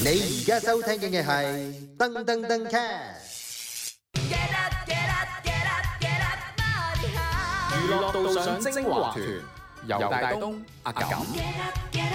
你而家收聽嘅係《噔噔噔 cast》。娛樂道上精華團，由大東、阿感。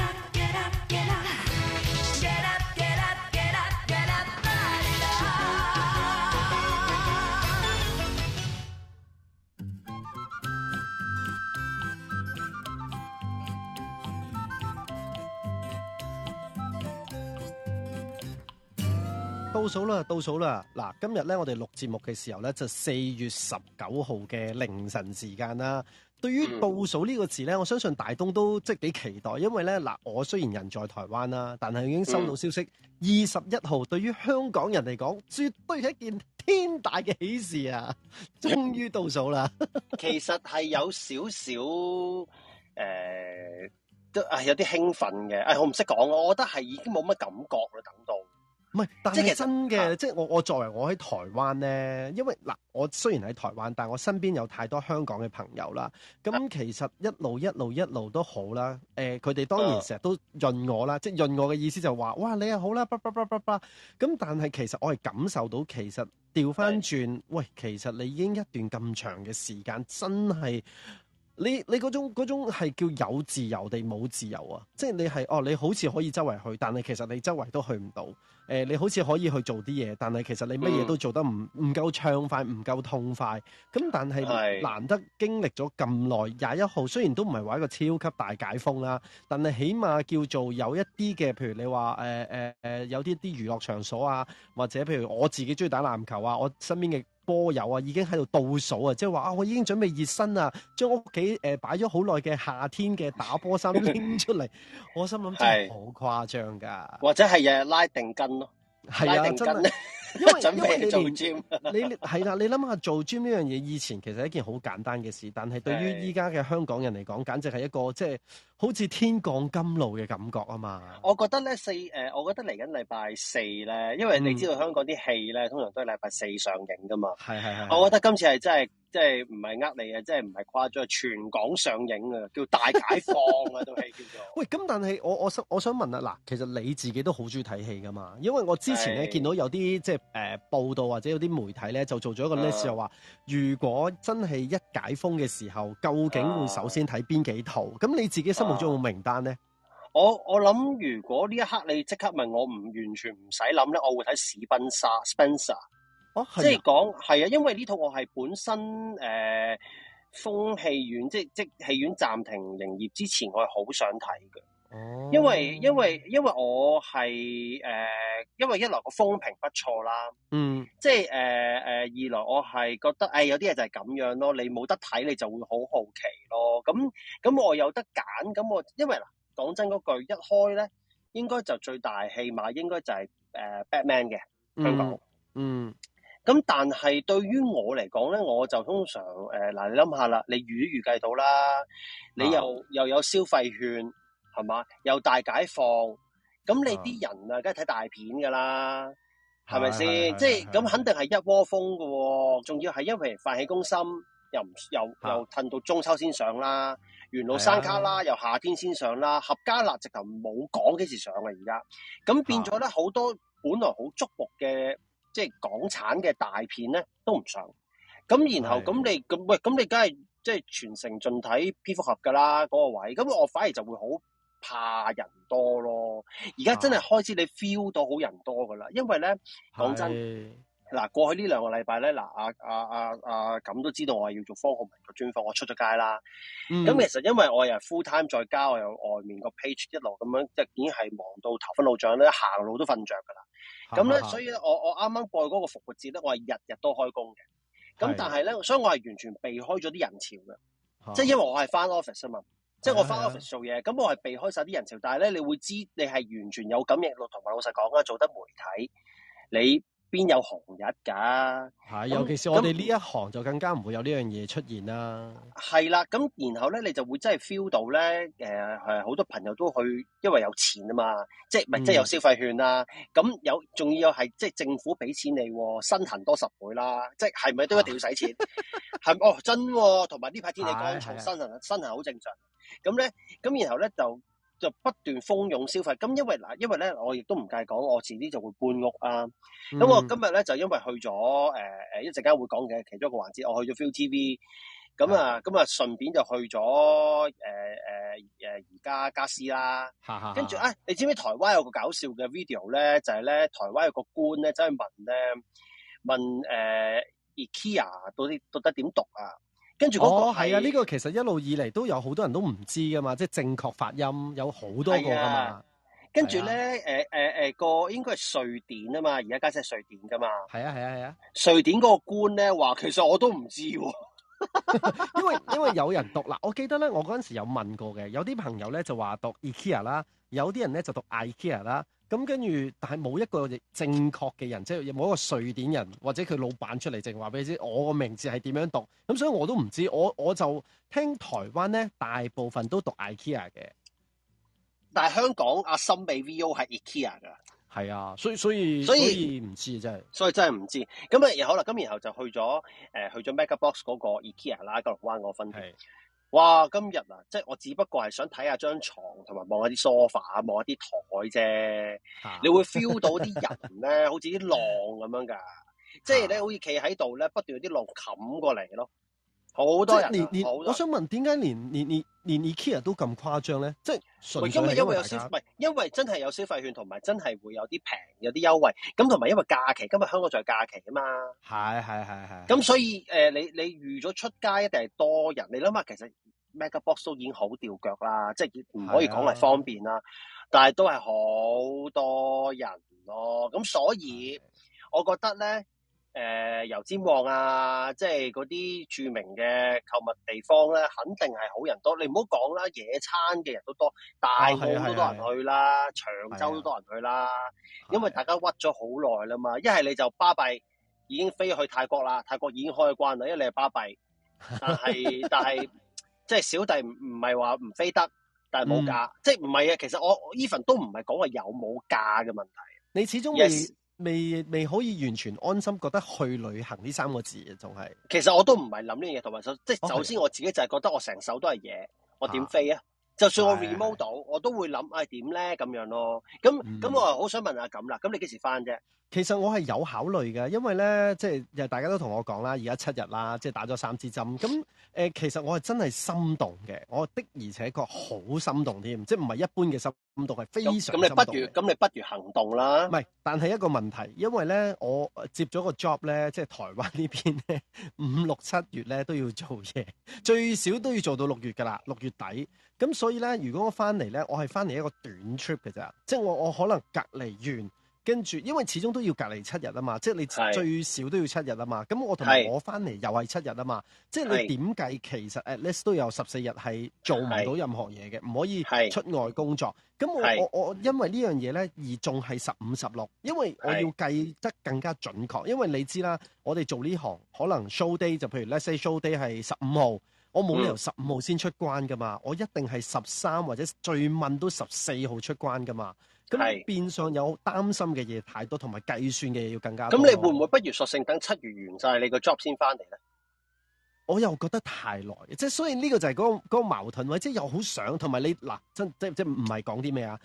倒數啦，倒數啦！嗱，今日咧，我哋錄節目嘅時候咧，就四月十九號嘅凌晨時間啦。對於倒數呢個詞咧，我相信大東都即係幾期待，因為咧嗱，我雖然人在台灣啦，但係已經收到消息，二十一號對於香港人嚟講，絕對係一件天大嘅喜事啊！終於倒數啦， 其實係有少少誒，都、呃、有啲興奮嘅。誒、哎，我唔識講，我覺得係已經冇乜感覺啦，等到。唔係，但係真嘅，就是、即係我我作為我喺台灣呢，因為嗱，我雖然喺台灣，但係我身邊有太多香港嘅朋友啦。咁其實一路一路一路都好啦。誒、呃，佢哋當然成日都潤我啦，即係潤我嘅意思就係話，哇，你又好啦，叭叭叭叭叭。咁但係其實我係感受到，其實調翻轉，對喂，其實你已經一段咁長嘅時間，真係。你你嗰種嗰種係叫有自由定冇自由啊？即係你係哦，你好似可以周圍去，但係其實你周圍都去唔到。誒、呃，你好似可以去做啲嘢，但係其實你乜嘢都做得唔唔、嗯、夠暢快，唔夠痛快。咁但係難得經歷咗咁耐廿一號，雖然都唔係話一個超級大解封啦，但係起碼叫做有一啲嘅，譬如你話誒、呃呃、有啲啲娛樂場所啊，或者譬如我自己中意打籃球啊，我身邊嘅。波友啊，已經喺度倒數啊，即係話啊，我已經準備熱身啊，將屋企誒擺咗好耐嘅夏天嘅打波衫拎出嚟。 我心諗真係好誇張噶，或者係日日拉定筋咯，係啊，定筋真係因為 準備去因為做 gym，你係啦，你諗下、啊、做 gym 呢樣嘢以前其實係一件好簡單嘅事，是但係對於依家嘅香港人嚟講，簡直係一個即係。好似天降甘露嘅感覺啊嘛，我覺、呃！我覺得咧四誒，我覺得嚟緊禮拜四咧，因為你知道香港啲戲咧，嗯、通常都係禮拜四上映噶嘛。係係係。我覺得今次係真係，即係唔係呃你啊？即係唔係誇張？全港上映啊，叫大解放啊，套戲 叫做。喂，咁但係我我想我想問啊，嗱，其實你自己都好中意睇戲噶嘛？因為我之前咧是見到有啲即係誒、呃、報道或者有啲媒體咧，就做咗一個 list 就話，啊、如果真係一解封嘅時候，究竟會首先睇邊幾套？咁、啊、你自己心、啊。名單呢我我諗如果呢一刻你即刻問我唔完全唔使諗呢，我會睇史賓莎。Spencer。哦、啊，即係講係啊，因為呢套我係本身誒、呃，風戲院即即戲院暫停營業之前我很，我係好想睇嘅。哦，因為因為因為我係誒。呃因為一來個風評不錯啦，嗯，即係誒誒，二來我係覺得誒、哎、有啲嘢就係咁樣咯，你冇得睇你就會好好奇咯，咁咁我有得揀，咁我因為嗱講真嗰句一開咧，應該就最大戲碼應該就係、是、誒、呃、Batman 嘅香港，嗯，咁、嗯、但係對於我嚟講咧，我就通常誒嗱你諗下啦，你預預計到啦，你又、啊、又有消費券係嘛，又大解放。咁你啲人啊，梗係睇大片噶啦，係咪先？吧即係咁肯定係一窩蜂喎。仲要係因為發起公心，又又、嗯、又褪到中秋先上啦，元老山卡啦，又、嗯、夏天先上啦，嗯、闔家辣直頭冇講幾時上啊！而家咁變咗咧，好多本來好矚目嘅，嗯、即係港產嘅大片咧，都唔上。咁然後咁、嗯、你咁喂，咁你梗係即係全城盡睇蝙蝠俠噶啦嗰個位，咁我反而就會好。怕人多咯，而家真係開始你 feel 到好人多噶啦，因為咧講的真嗱，過去呢兩個禮拜咧嗱，阿阿阿阿咁都知道我係要做方浩文個專訪我出咗街啦。咁、嗯、其實因為我又 full time 在家，我又外面個 page 一路咁樣，即已經係忙到頭昏腦脹咧，行路都瞓着噶啦。咁咧，所以咧，我我啱啱過去嗰個復活節咧，我係日日都開工嘅。咁但係咧，的所以我係完全避開咗啲人潮嘅，的即因為我係翻 office 啊嘛。即係我返 office 做嘢，咁 我係避開晒啲人潮，但係咧，你會知你係完全有感應。同埋老實講啊，做得媒體，你邊有紅日㗎？係的，那尤其是我哋呢一行就更加唔會有呢樣嘢出現啦。係啦，咁然後咧你就會真係 feel 到咧，誒誒好多朋友都去，因為有錢啊嘛，即係咪係即係有消費券啦、啊。咁、嗯、有仲要有係即係政府俾錢你、啊，身痕多十倍啦，即係係咪都一定要使錢？係、啊、 哦，真喎、哦，同埋呢排天氣乾燥，身痕身痕好正常。咁咧的，咁然後咧就。就不斷蜂擁消費，咁因為嗱，因為咧，我亦都唔介講，我遲啲就會搬屋啊。咁、嗯、我今日咧就因為去咗誒誒，一陣間會講嘅其中一個環節，我去咗 ViuTV，咁、嗯、啊，咁啊、嗯，順便就去咗誒誒誒，而、呃呃呃、家家私啦。哈哈哈哈，跟住啊、哎，你知唔知台灣有個搞笑嘅 video 咧？就係、是、咧，台灣有個官咧，走去問咧，問誒、呃、IKEA 到底到底點讀啊？跟住個哦，係啊，呢、這個其實一路以嚟都有好多人都唔知噶嘛，即係正確發音有好多個噶嘛。啊、跟住咧，誒誒誒，個應該係瑞典啊嘛，而家家即係瑞典噶嘛。係啊係啊係啊，啊啊瑞典個官咧話，其實我都唔知、啊， 因為因為有人讀啦，我記得咧，我嗰陣時有問過嘅，有啲朋友咧就話讀 IKEA 啦，有啲人咧就讀 IKEA 啦。咁跟住，但係冇一個正確嘅人，即係冇一個瑞典人或者佢老闆出嚟，淨話俾你知我個名字係點樣讀。咁所以我都唔知，我我就聽台灣咧，大部分都讀 IKEA 嘅。但係香港阿森美 VO 係 IKEA 噶。係啊，所以所以所以唔知真係，所以真係唔知。咁啊，又好啦，咁然後就去咗、呃、去咗 Mega Box 嗰個 IKEA 啦，九龍灣嗰個分店。哇！今日啊，即係我只不過係想睇下張床，同埋望下啲 sofa 啊，望下啲台啫。你會 feel 到啲人咧， 好似啲浪咁樣㗎，啊、即係咧，好似企喺度咧，不斷有啲浪冚過嚟咯。好多人，好多人。我想問點解連連連連 IKEA 都咁誇張咧？即係，今日因，因為有消費，家因為真係有消費券同埋真係會有啲平有啲優惠，咁同埋因為假期，今日香港仲有假期啊嘛。係係係係。咁所以、呃、你你預咗出街一定係多人，你諗下其實。Mega Box 都已經好掉腳啦，即係唔可以講係方便啦，是啊、但係都係好多人咯。咁所以我覺得咧，誒、呃，油尖旺啊，即係嗰啲著名嘅購物地方咧，肯定係好人多。你唔好講啦，野餐嘅人都多，啊、大澳好多人去啦，啊啊啊啊、長洲都多人去啦，啊、因為大家屈咗好耐啦嘛。一係你就巴閉已經飛去泰國啦，泰國已經開關啦，因為你係巴閉，但係但係。 即係小弟唔唔係話唔飛得，但係冇假，嗯、即係唔係啊！其實我 even 都唔係講話有冇假嘅問題。你始終未 Yes. 未未可以完全安心覺得去旅行呢三個字啊，仲係。其實我都唔係諗呢樣嘢，同埋即係首先我自己就係覺得我成手都係嘢，我點飛啊？就算我 remote 到，的我都會諗啊點咧咁樣咯。咁咁、嗯、我好想問下咁啦，咁你幾時返啫？其實我係有考慮嘅，因為咧，即係又大家都同我講啦，而家七日啦，即係打咗三支針。咁、呃、其實我係真係心動嘅，我的而且確好心動添，即係唔係一般嘅心動，係非常心動。咁咁你不如咁你不如行動啦。唔係，但係一個問題，因為咧我接咗個 job 咧，即係台灣邊呢邊咧五六七月咧都要做嘢，最少都要做到六月㗎啦，六月底。咁所以咧，如果我翻嚟咧，我係翻嚟一個短 trip 㗎咋，即係我我可能隔離完。跟住，因為始終都要隔離七日啊嘛，即係你最少都要七日啊嘛。咁是我同埋我翻嚟又係七日啊嘛。是即係你點計？其實 at least 都有十四日係做唔到任何嘢嘅，唔是可以出外工作。咁是我是我，我因為呢樣嘢呢，而仲係十五十六，因為我要計得更加準確。因為你知啦，我哋做呢行可能 show day 就譬如 let's say show day 係十五號，我冇理由十五號先出關㗎嘛，嗯、我一定係十三或者最晚都十四號出關㗎嘛。咁變相有擔心嘅嘢太多，同埋計算嘅嘢要更加多。咁你會唔會不如索性等七月完晒你個 job 先翻嚟咧？我又覺得太耐，即係所以呢個就係嗰、嗰個、嗰個矛盾，或者又好想同埋你嗱，真即係即唔係講啲咩啊？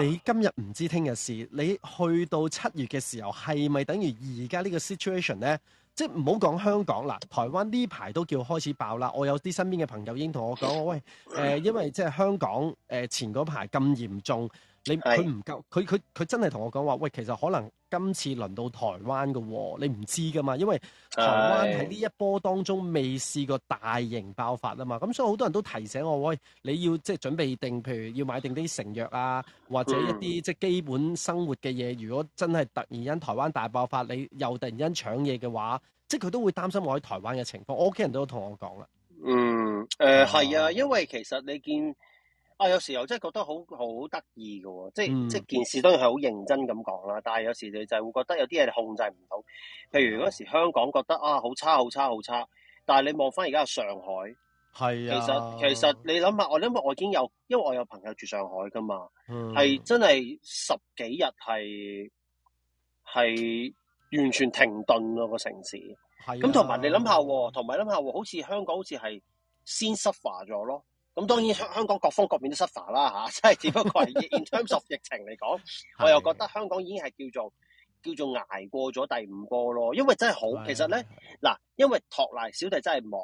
你今日唔知聽日事，你去到七月嘅時候，係咪等於而家呢個 situation 咧？即係唔好講香港啦，台灣呢排都叫開始爆啦。我有啲身邊嘅朋友已經同我講，喂，誒、呃，因為即係香港誒、呃、前嗰排咁嚴重。你佢唔夠，佢佢佢真係同我講話，喂，其實可能今次輪到台灣嘅喎，你唔知噶嘛，因為台灣喺呢一波當中未試過大型爆發啊嘛，咁所以好多人都提醒我，喂，你要即係準備定，譬如要買定啲成藥啊，或者一啲、嗯、即基本生活嘅嘢，如果真係突然間台灣大爆發，你又突然間搶嘢嘅話，即佢都會擔心我喺台灣嘅情況。我屋企人都同我講啦，嗯，係、呃、啊、嗯，因為其實你見。啊，有時候真係覺得好好得意嘅喎，即係、嗯、即係件事當然係好認真咁講啦，但係有時候你就會覺得有啲嘢控制唔到，譬如嗰時候香港覺得啊好差好差好差，但係你望翻而家上海，係啊其，其實其實你諗下，我因我已經有，因為我有朋友住上海㗎嘛，係、嗯、真係十幾日係係完全停頓個個城市，咁同埋你諗下喎，同埋諗下喎，好似香港好似係先 suffer 咗咯。咁當然，香港各方各面都失曬啦嚇，即係只不過係 in terms of 疫情嚟講，我又覺得香港已經係叫做叫做捱過咗第五波咯，因為真係好，其實咧嗱，因為托賴小弟真係忙，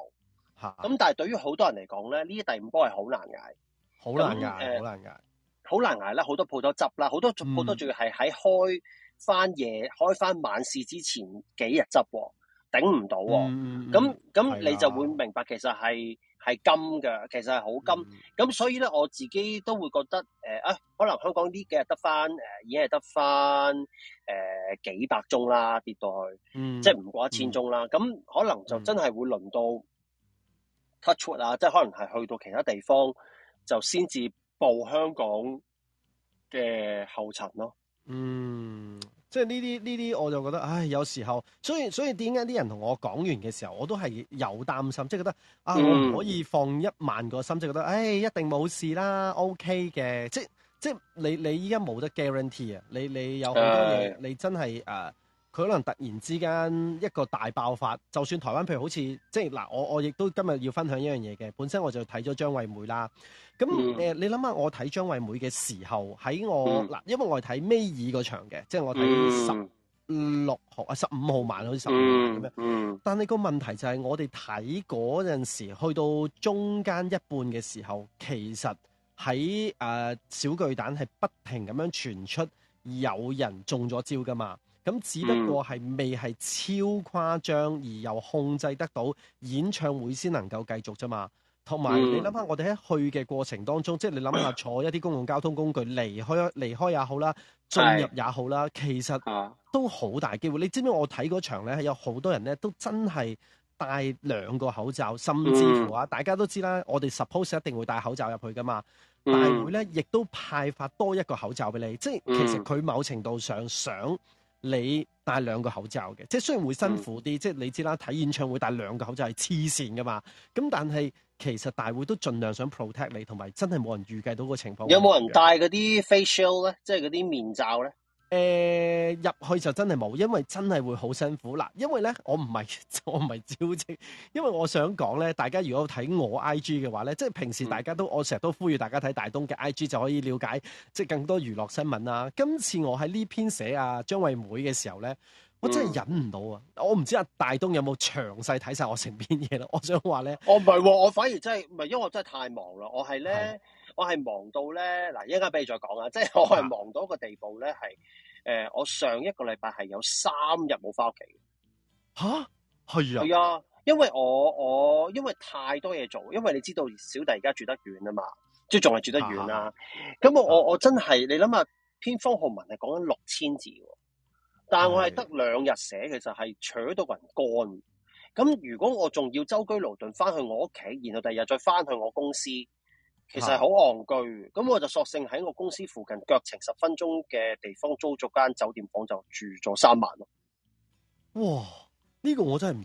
咁但係對於好多人嚟講咧，呢啲第五波係好難捱，好難捱，好難捱，好難捱啦！好多鋪頭執啦，好多好多仲要係喺開翻夜、開翻晚市之前幾日執喎，頂唔到喎，咁咁你就會明白其實係。係金嘅，其實係好金的，咁、嗯、所以咧，我自己都會覺得誒、呃、啊，可能香港呢幾日得返誒、呃，已經係得返誒、呃、幾百宗啦，跌到去，嗯、即係唔過一千宗啦。咁、嗯、可能就真係會輪到 touch out 啊，嗯、即係可能係去到其他地方，就先至步香港嘅後塵咯。嗯。即係呢啲呢啲，我就覺得，唉，有時候，所以所以點解啲人同我講完嘅時候，我都係有擔心，即係覺得啊，我唔可以放一萬個心，即係覺得，唉，一定冇事啦，OK 嘅，即即你你依家冇得 guarantee 啊，你你，你有好多嘢，uh、你真係啊。Uh。佢可能突然之間一個大爆發，就算台灣，譬如好似即係嗱，我我亦都今日要分享一樣嘢嘅。本身我就睇咗張惠妹啦。咁、嗯呃、你諗下，我睇張惠妹嘅時候，喺我嗱、嗯，因為我係睇尾二個場嘅，即係我睇十六號啊，十五號晚，好似十五號咁樣。嗯嗯、但係個問題就係我哋睇嗰陣時，去到中間一半嘅時候，其實喺、呃、小巨蛋係不停咁樣傳出有人中咗招噶嘛。咁只不過係未係超誇張，嗯、而又控制得到演唱會先能夠繼續啫嘛。同埋你諗下，我哋喺去嘅過程當中，嗯、即係你諗下坐一啲公共交通工具離開離開也好啦，進入也好啦，是其實都好大機會。你知唔知我睇嗰場呢？有好多人呢，都真係戴兩個口罩，甚至乎啊，嗯、大家都知啦，我哋 suppose 一定會戴口罩入去噶嘛。大、嗯、會呢，亦都派發多一個口罩俾你，即係其實佢某程度上想。你戴兩個口罩嘅，即係雖然會辛苦啲，嗯、即係你知啦，睇演唱會戴兩個口罩係黐線噶嘛。咁但係其實大會都盡量想 protect 你，同埋真係冇人預計到個情況。有冇人戴嗰啲 face shield 咧，即係嗰啲面罩咧？就是誒，入去就真係冇，因為真係會好辛苦啦，因為咧，我唔係我唔係招積，因為我想講咧，大家如果睇我 I G 嘅話咧，即係平時大家都、嗯、我成日都呼籲大家睇大東嘅 I G 就可以了解即係更多娛樂新聞啦、啊。今次我喺呢篇寫啊張惠妹嘅時候咧，我真係忍唔到啊！嗯、我唔知阿大東有冇詳細睇晒我成篇嘢啦。我想話咧，我唔係，我反而真係唔係，因為我真係太忙啦。我係咧，是我係忙到咧嗱，一陣間俾你再講啊。即、就、係、是、我係忙到一個地步咧，係。誒、呃，我上一個禮拜係有三日冇翻屋企，吓係啊，係啊，因為我我因為太多嘢做，因為你知道小弟而家住得遠啊嘛，即係仲係住得遠啦、啊。咁、啊、我我、嗯、我真係你諗下，篇方浩文係講緊六千字，但係我係得兩日寫，其實係扯到個人乾。咁如果我仲要舟車勞頓翻去我屋企，然後第二日再翻去我公司。其實係好戇居，咁的我就索性喺我公司附近腳程十分鐘嘅地方租咗間酒店房就住咗三晚咯。哇！呢、呢個我真係唔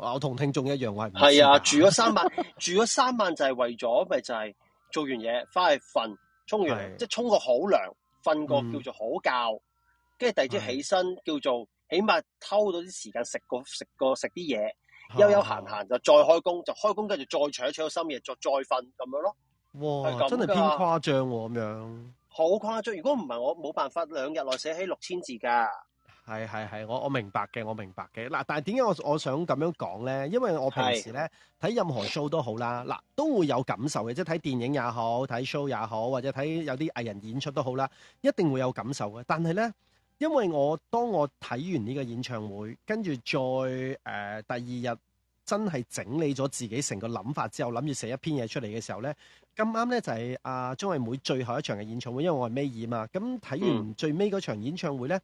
知、啊，我同聽眾一樣，我係唔係？係啊，住咗三晚， 住咗三晚就係為咗，咪就係、是、做完嘢翻去瞓，沖完的即係沖個好涼，瞓個、嗯、叫做好覺，跟住第二朝起身的叫做起碼偷到啲時間食個食個食啲嘢，的悠悠閒閒就再開工，就開工跟住再搶搶個深夜，再再瞓咁樣咯。哇，的真係偏誇張喎，咁樣好誇張！如果唔係我冇辦法兩日內寫起六千字㗎。係係係，我我明白嘅，我明白嘅。嗱，但係點解我我想咁樣講咧？因為我平時咧睇是任何 show 都好啦，嗱，都會有感受嘅，即係睇電影也好，睇 show 也好，或者睇有啲藝人演出都好啦，一定會有感受嘅。但係咧，因為我當我睇完呢個演唱會，跟住再誒、呃、第二日。真係整理咗自己成個諗法之後，諗住寫一篇嘢出嚟嘅時候呢，咁啱呢就係阿張惠妹最後一場嘅演唱會，因為我係尾二嘛。咁睇完最尾嗰場演唱會呢，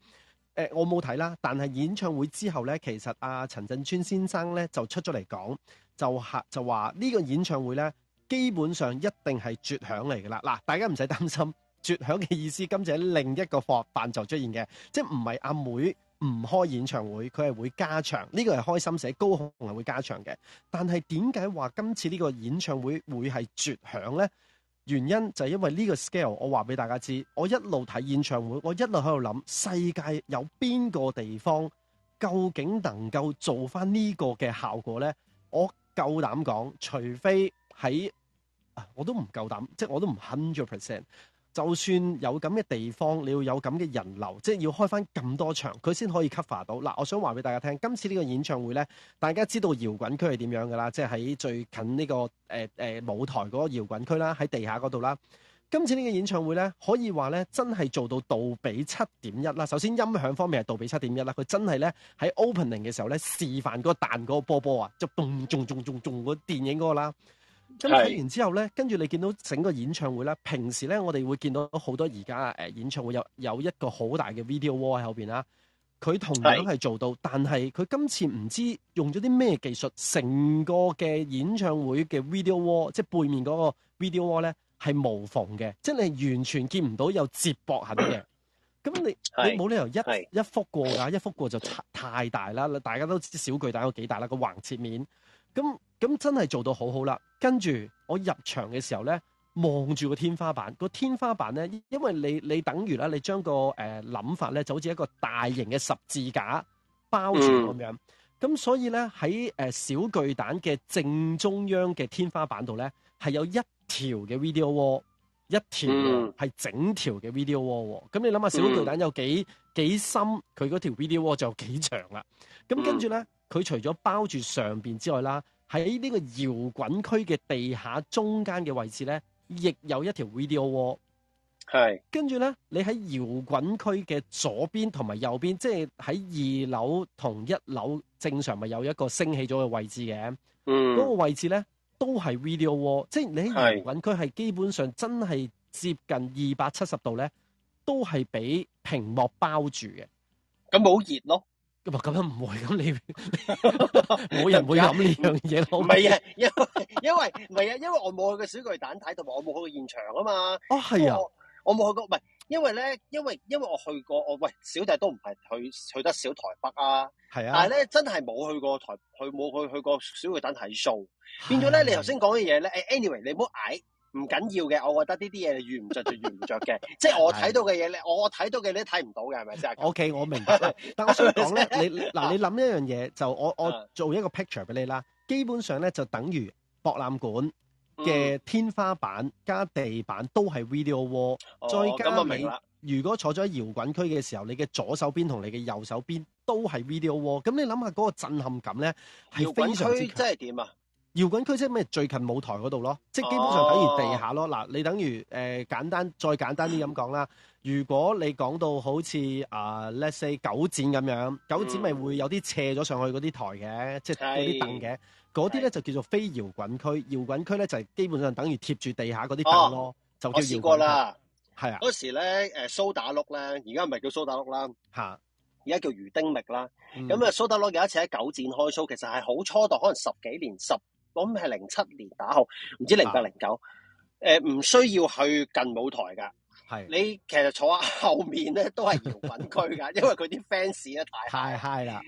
呃、我冇睇啦。但係演唱會之後呢，其實阿、啊、陳振川先生呢就出咗嚟講，就就話呢個演唱會呢，基本上一定係絕響嚟㗎啦。嗱，大家唔使擔心，絕響嘅意思今次喺另一個課辦就出現嘅，即係唔係阿妹。唔開演唱會，佢係會加場，呢個係開心社，高雄係會加場嘅。但係點解話今次呢個演唱會會係絕響呢？原因就係因為呢個 scale，我話俾大家知，我一路睇演唱會，我一路喺度諗，世界有邊個地方究竟能夠做翻呢個嘅效果呢？我夠膽講，除非喺，我都唔夠膽，即係我都唔 hundred percent。就算有咁嘅地方，你要有咁嘅人流，即係要開翻咁多場，佢先可以 cover 到嗱。我想話俾大家聽，今次呢個演唱會呢，大家知道搖滾區係點樣㗎啦，即係喺最近呢個、呃呃、舞台嗰個搖滾區啦，喺地下嗰度啦。今次呢個演唱會呢，可以話呢，真係做到杜比七點一啦。首先音響方面係杜比七點一啦，佢真係呢，喺 opening 嘅時候呢，示範嗰彈嗰波波啊，就咚咚咚咚咚嗰電影嗰個啦。咁睇完之後咧，跟住是你見到整個演唱會啦。平時咧，我哋會見到好多而家誒演唱會有有一個好大嘅 video wall 喺後邊啦。佢同樣係做到，是但係佢今次唔知用咗啲咩技術，成個嘅演唱會嘅 video wall，即係背面嗰個 video wall 咧，係無縫嘅，即係你完全見唔到有接駁痕嘅。咁、嗯、你是你冇理由一是一幅過㗎，一幅過就太大啦。大家都知小巨蛋有幾大啦，個橫切面。咁咁真係做到好好啦。跟住我入場嘅時候咧，望住個天花板，個天花板咧，因為你你等於咧、那個，你將個誒諗法咧，就好似一個大型嘅十字架包住咁樣。咁所以咧喺誒小巨蛋嘅正中央嘅天花板度咧，係有一條嘅 video wall，一條係整條嘅 video wall。咁你諗下，小巨蛋有幾幾深，佢嗰條 video wall 就有幾長啦、啊。咁跟住咧。佢除咗包住上邊之外啦，喺呢個搖滾區嘅地下中間嘅位置咧，亦有一條 video 係、喔、是跟住咧，你喺搖滾區嘅左邊同埋右邊，即係喺二樓同一樓，正常咪有一個升起咗嘅位置嘅。嗯，個位置咧都係 video、喔、即係你喺搖滾區係基本上真係接近二百七十度咧，是都係俾屏幕包住嘅。咁好熱咯。咁啊，咁樣唔會，咁你冇 人會諗呢樣嘢咯。唔係 啊，因為 因為唔係啊，因為我冇去過小巨蛋睇，同埋我冇去過現場啊嘛。哦，係啊，我冇去過，唔係因為咧，因為呢，因為，因為我去過，我喂小弟都唔係去去得少台北啊，係啊，但係咧真係冇去過台，佢冇去去過小巨蛋睇 show 變咗咧你頭先講嘅嘢咧，誒 anyway 你唔好捱。唔緊要嘅，我覺得呢啲嘢你遇唔著就遇唔著嘅。 即係我睇到嘅嘢，你的我睇到嘅你睇唔到嘅，係咪係 OK，我明白。 但我想講咧，你嗱，你諗一樣嘢就我我做一個 picture 俾你啦。基本上咧就等於博覽館嘅天花板加地板都係 video wall，嗯哦、再加、哦、明你如果坐咗喺搖滾區嘅時候，你嘅左手邊同你嘅右手邊都係 video wall。咁你諗下嗰個震撼感咧，搖滾區非常之真係點啊？搖滾區即係咩？最近舞台嗰度咯，即基本上等於地下咯。嗱、哦，你等於誒、呃、簡單再簡單啲咁講啦。如果你講到好似啊、呃、，let's say 九展咁樣，九展咪會有啲斜咗上去嗰啲台嘅，嗯、即嗰啲凳嘅嗰啲咧就叫做非搖滾區。是搖滾區咧就係、是、基本上等於貼住地下嗰啲凳咯，哦、就叫搖滾區啦。係啊，嗰時咧誒、呃、蘇打綠咧，而家唔係叫蘇打綠啦，嚇，而家叫魚丁糸啦。咁啊的，嗯、蘇打綠有一次喺九展開 show，其實係好初代，可能十幾年十。我諗係零七年打後，唔知零八零九。誒唔、呃、需要去近舞台㗎，係的你其實坐喺後面咧都係搖滾區㗎， 因為佢啲 fans 咧太 high 啦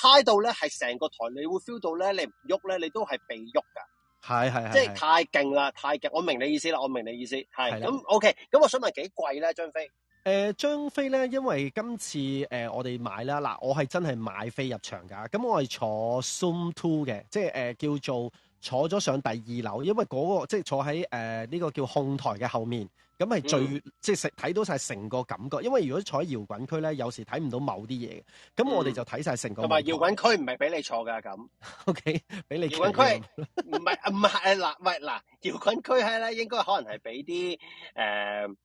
high 到咧係成個台，你會 feel 到咧你唔喐咧你都係被喐㗎，係係即係太勁啦，太勁！我明你意思啦，我明你意思係咁的 OK。咁我想問幾貴咧張飛？誒、呃、張飛咧，因為今次誒、呃、我哋買啦，嗱我係真係買飛入場㗎，咁我係坐 zone two 嘅，即係誒、呃、叫做。坐咗上第二樓，因為嗰、那個即係坐喺誒呢個叫控台嘅後面，咁係最、嗯、即係食睇到晒成個感覺。因為如果坐喺搖滾區咧，有時睇唔到某啲嘢，咁我哋就睇晒成個同埋、嗯、搖滾區唔係俾你坐㗎咁。O K，俾你搖滾區唔係唔係誒嗱，喂嗱 搖滾區係咧，應該可能係俾啲誒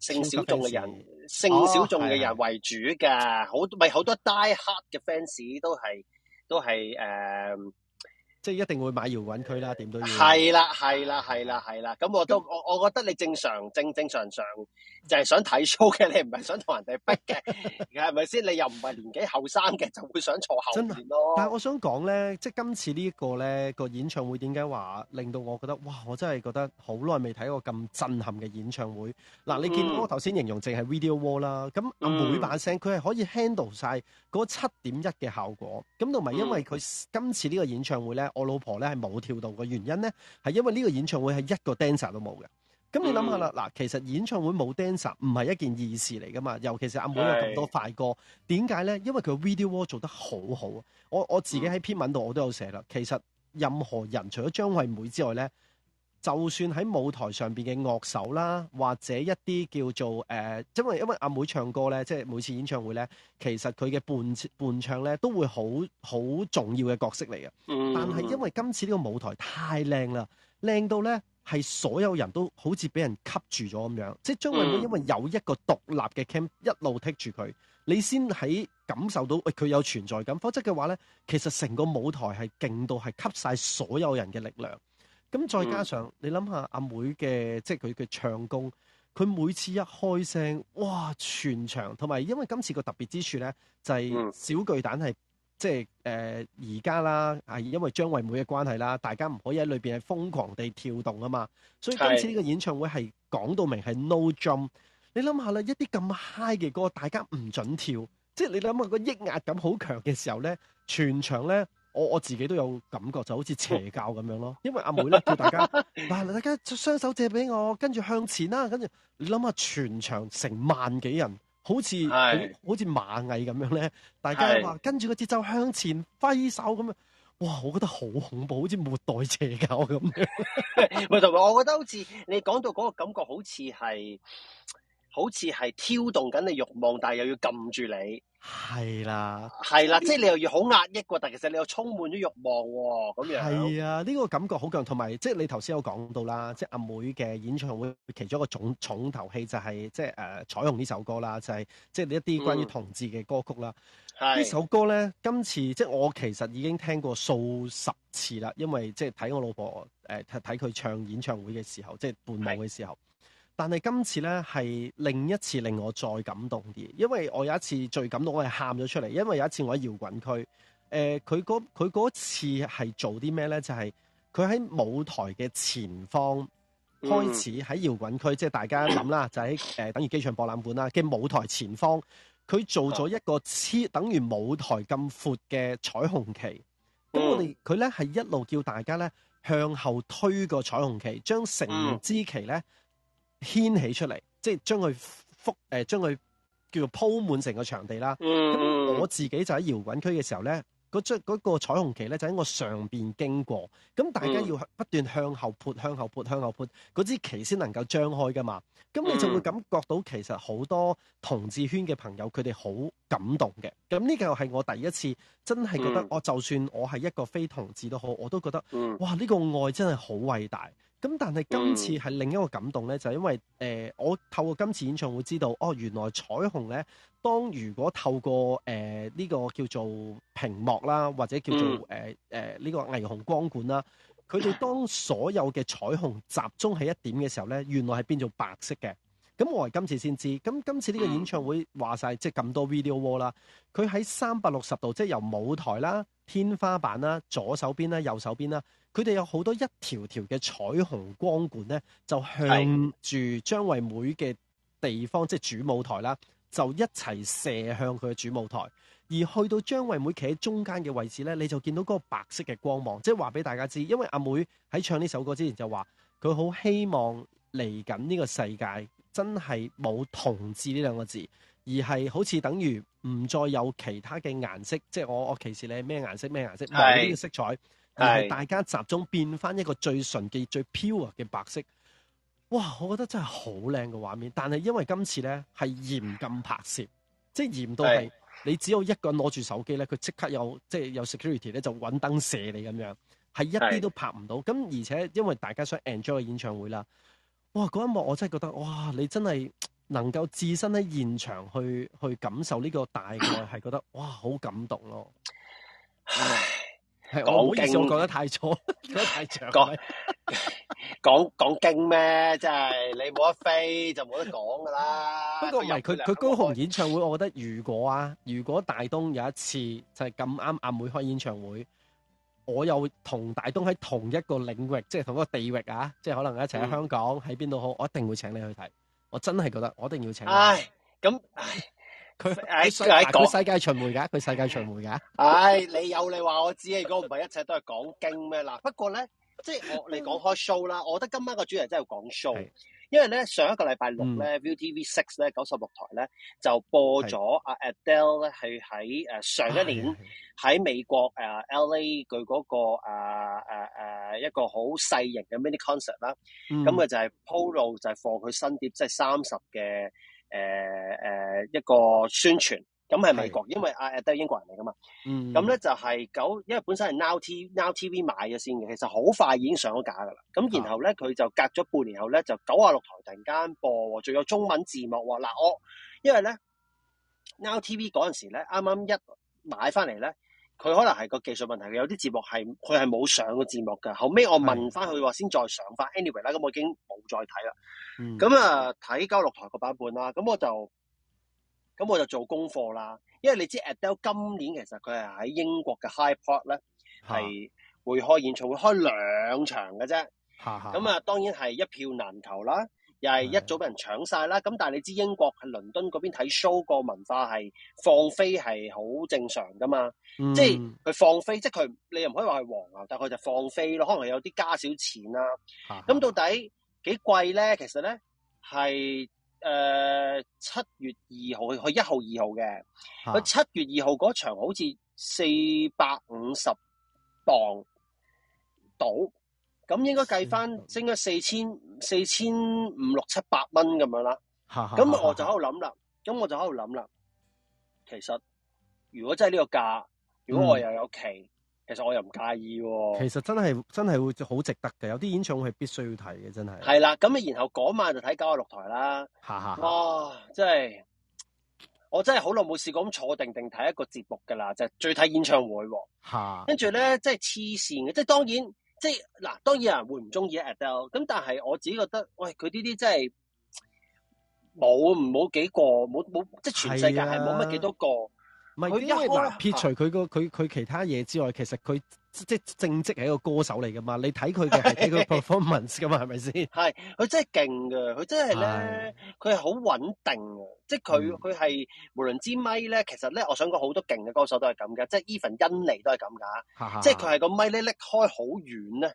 性小眾嘅人，性小眾嘅人為主㗎。哦、的好咪好多 d 黑嘅 fans 都係都係誒。呃即係一定會買搖滾區啦，點都要。係啦，係啦，係啦，係啦。咁我都我我覺得你正常正正常常就係想睇 show 嘅，你唔係想同人哋逼嘅，係咪先？你又唔係年紀後生嘅，就會想坐後面咯。但係我想講咧，即係今次呢一個咧個演唱會點解話令到我覺得哇！我真係覺得好耐未睇過咁震撼嘅演唱會嗱。你見到我頭先形容淨係 video wall 啦，咁阿妹把聲佢係可以 handle 曬嗰七點一嘅效果，咁同埋因為佢今次呢個演唱會咧。我老婆咧係冇跳動嘅原因咧，係因為呢個演唱會係一個 dancer 都冇嘅。咁你諗下啦，嗱、嗯，其實演唱會冇 dancer 唔係一件易事嚟噶嘛，尤其是阿妹，妹有咁多快歌，點解咧？因為佢 video wall 做得好好，我我自己喺篇文度我都有寫啦。嗯、其實任何人除咗張惠妹之外咧。就算喺舞台上邊嘅樂手啦，或者一啲叫做誒、呃，因為因為阿妹唱歌咧，即係每次演唱會咧，其實佢嘅伴伴唱咧都會好好重要嘅角色嚟嘅。但係因為今次呢個舞台太靚啦，靚到咧係所有人都好似俾人吸住咗咁樣，即係張惠妹因為有一個獨立嘅 cam 一路 tick 住佢，你先喺感受到佢、哎、有存在感。否則嘅話咧，其實成個舞台係勁到係吸晒所有人嘅力量。咁再加上、嗯、你諗下阿妹嘅即係佢嘅唱功，佢每次一開聲哇！全場同埋，因為今次個特別之處咧就係、是、小巨蛋係即係誒而家啦，係因為張惠妹嘅關係啦，大家唔可以喺裏邊係瘋狂地跳動啊嘛，所以今次呢個演唱會係講到明係 no jump 的。你諗下啦，一啲咁嗨嘅歌，大家唔准跳，即、就、係、是、你諗下個抑壓感好強嘅時候咧，全場咧～我我自己都有感覺，就好似邪教咁樣咯。因為阿妹咧叫大家，嗱， 大家雙手借俾我，跟住向前啦，啊，跟住你諗下，全場成萬幾人，好似是好似螞蟻咁樣咧，大家話是跟住個節奏向前揮手咁樣，哇！我覺得好恐怖，好似末代邪教咁樣，同 我覺得好似你講到嗰個感覺好似係，好似係。好似係挑動緊你慾望，但係又要撳住你，係啦，係啦，即係你又要好壓抑、啊、但其實你又充滿咗慾望喎。咁樣係啊，呢、啊，這個感覺好強，同埋即係你頭先有講到啦，即係阿妹嘅演唱會其中一個重重頭戲就係、是、即係誒、呃、彩虹呢首歌啦，就係、是、即係一啲關於同志嘅歌曲啦。呢、嗯、首歌咧，今次即係我其實已經聽過數十次啦，因為即係睇我老婆誒睇佢唱演唱會嘅時候，即係伴舞嘅時候。但係今次呢，係另一次令我再感動啲，因為我有一次最感動，我係喊咗出嚟。因為有一次我喺搖滾區，誒佢嗰佢次係做啲咩呢？就係佢喺舞台嘅前方開始喺搖滾區，嗯、即係大家諗啦，就喺、是、等於機場博覽館啦嘅舞台前方，佢做咗一個黐等於舞台咁闊嘅彩虹旗。咁我哋佢呢係一路叫大家呢，向後推個彩虹旗，將成支旗呢。掀起出嚟，即係將佢覆誒、呃，將佢叫做鋪滿成個場地啦。嗯、我自己就喺搖滾區嘅時候呢，嗰、嗰、張、個嗰個彩虹旗呢就喺我上邊經過。咁大家要不斷向後撥，向後撥，向後撥，嗰支旗先能夠張開㗎嘛。咁你就會感覺到其實好多同志圈嘅朋友，佢哋好感動嘅。咁呢個又係我第一次真係覺得，嗯、我就算我係一個非同志都好，我都覺得、嗯、哇，呢、呢個愛真係好偉大。咁但係今次係另一個感動呢。就係、因為誒、呃，我透過今次演唱會知道，哦，原來彩虹呢，當如果透過誒呢、呃呢個叫做屏幕啦，或者叫做誒呢、呃呃呢個霓虹光管啦，佢哋當所有嘅彩虹集中喺一點嘅時候呢，原來係變做白色嘅。咁、嗯、我係今次先知。咁今次呢個演唱會話晒，即係咁多 video wall、啊、啦，佢喺三百六十度，即係由舞台啦、天花板啦、左手邊啦、右手邊啦。佢哋有好多一條條嘅彩虹光管呢，就向住張惠妹嘅地方，是的即係主舞台啦，就一齊射向佢嘅主舞台。而去到張惠妹企喺中間嘅位置呢，你就見到嗰個白色嘅光芒。即係話俾大家知，因為阿妹喺唱呢首歌之前就話，佢好希望嚟緊呢個世界真係冇同志呢兩個字，而係好似等於唔再有其他嘅顏色，即係我我歧視你係咩顏色、咩顏色冇呢的個色彩。是大家集中變翻一個最純嘅、最 pure 嘅白色，哇！我覺得真係好靚嘅畫面。但係因為今次咧係嚴禁拍攝，即係嚴到係你只有一個人攞住手機咧，佢即刻有即係有 security 咧，就揾燈射你咁樣，係一啲都拍唔到。咁是而且因為大家想 enjoy 嘅演唱會啦，哇！嗰一幕我真係覺得，哇！你真係能夠置身喺現場去去感受呢個大愛，係覺得 哇，好感動咯。嗯講經講得太長，講講驚咩？真係你冇得飛就冇得講噶啦。不過唔係佢佢高雄演唱會，我覺得如果啊，如果大東有一次就係咁啱阿妹開演唱會，我又會同大東喺同一個領域，即係同一個地域啊，即係可能一齊喺香港，喺邊度好，我一定會請你去睇。我真係覺得我一定要請你。唉，咁唉。佢喺世在世界巡迴㗎，佢世界巡迴㗎。唉、哎，你有你話我知，如果唔係一切都係講經咩？嗱，不過咧，即係我嚟講開 show 啦，我覺得今晚個主人真係要講 show，是因為咧上一個禮拜六咧、嗯、Viu TV Six 咧九十六台咧就播咗阿 Adele 咧去喺誒上一年喺美國誒、uh, LA 佢嗰、那個誒誒誒一個好細型嘅 mini concert 啦、嗯，咁佢、嗯、就係鋪路就放佢新碟，即係三十嘅。誒誒、呃呃、一個宣傳，咁係美國，的因為阿阿都係英國人嚟噶嘛，咁咧、嗯嗯、就係九，因為本身係 now TV now TV 買咗先嘅，其實好快已經上咗架噶啦，咁然後咧佢就隔咗半年後咧就九啊六台突然間播喎，仲有中文字幕喎，嗱、啊、我因為咧 now TV 嗰陣時咧啱啱一買翻嚟咧。佢可能係個技術問題，有啲節目係佢係冇上個節目㗎。後尾我問翻佢話先再上翻的，anyway 啦，咁我已經冇再睇啦。咁啊睇交落台個版本啦，咁我就咁我就做功課啦。因為你知 Adele 今年其實佢係喺英國嘅 High Park 咧，係會開演唱會開兩場嘅啫，咁啊的當然係一票難求啦。又係是一早俾人搶晒啦，咁但係你知英國喺倫敦嗰邊睇 show 個文化係放飛係好正常噶嘛，嗯、即係佢放飛，即係佢你又唔可以話係黃牛，但佢就放飛咯，可能係有啲加少錢啦。咁、啊、到底幾貴咧？其實咧係七月二號去，去一號二號嘅。佢七月二號嗰場好似四百五十磅到。咁應該計返，升咗四千四千五六七百蚊咁樣啦。咁 我就喺度諗啦，咁 我就喺度諗啦。其實，如果真係呢個價，如果我又有期，嗯、其實我又唔介意喎、啊。其實真係真係會好值得嘅，有啲演唱會係必須要睇嘅，真係。係啦、啊，咁然後嗰晚就睇《九 啊六台》啦。吓哇，真係，我真係好耐冇試過咁坐定定睇一個節目㗎啦，就係、是、最睇演唱會、啊。吓跟住咧，真係黐線嘅，即係當然。即係嗱，當然有人會唔中意 Adele，咁但係我自己覺得，喂佢呢啲真係冇唔冇幾個，冇冇即係全世界係冇乜幾多個。唔係，因為撇除佢個佢佢其他嘢之外，啊、其實佢即正職係一個歌手嚟噶嘛，你睇佢嘅係呢個 performance 噶嘛，係咪先？係，佢真係勁嘅，佢真係咧，佢係好穩定嘅，即係佢佢係無論支咪咧，其實咧，我想講好多勁嘅歌手都係咁噶，即係 Even 甄妮都係咁噶，哈哈即係佢係個咪咧甩開好遠咧，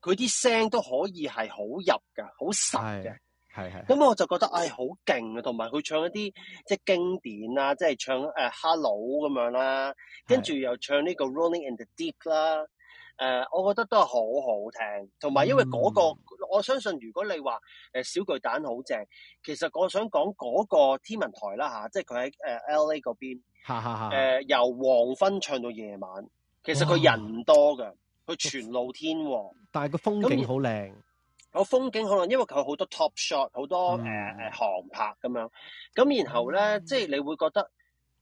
佢啲聲都可以係好入嘅，好實嘅。係係，咁我就覺得唉好勁啊，同埋佢唱一啲即係經典啊，即係唱誒、呃、Hello 咁樣啦，跟住又唱呢個 Rolling in the Deep 啦，誒、呃，我覺得都係好好聽，同埋因為嗰、那個、嗯、我相信，如果你話誒小巨蛋好正，其實我想講嗰個天文台啦吓、啊，即係佢喺誒 LA 嗰邊，誒、呃、由黃昏唱到夜晚，其實佢人多㗎。佢、哦、全露天喎，但係個風景好靚、嗯。個風景可能因為佢好多 top shot，好多誒誒航拍咁樣，咁然後咧，即係你會覺得，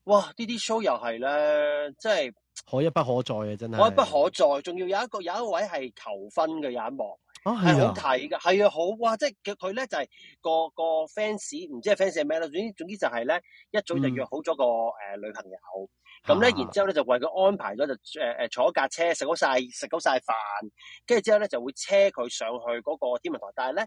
哇！呢啲 show 又係咧，即係可一不可再啊！真係可一不可再，仲要有一個有一位係求婚嘅有一,有一幕，係好睇嘅，係啊好哇！即係佢佢咧就係、是、個個 fans，唔知係 fans 係咩啦，總之總之就係咧一早就約好咗個誒女朋友。嗯咁咧、嗯，然之後咧就為佢安排咗，就誒坐一架車，食好晒食好晒飯，跟住之後咧就會車佢上去嗰個天文台。但係咧，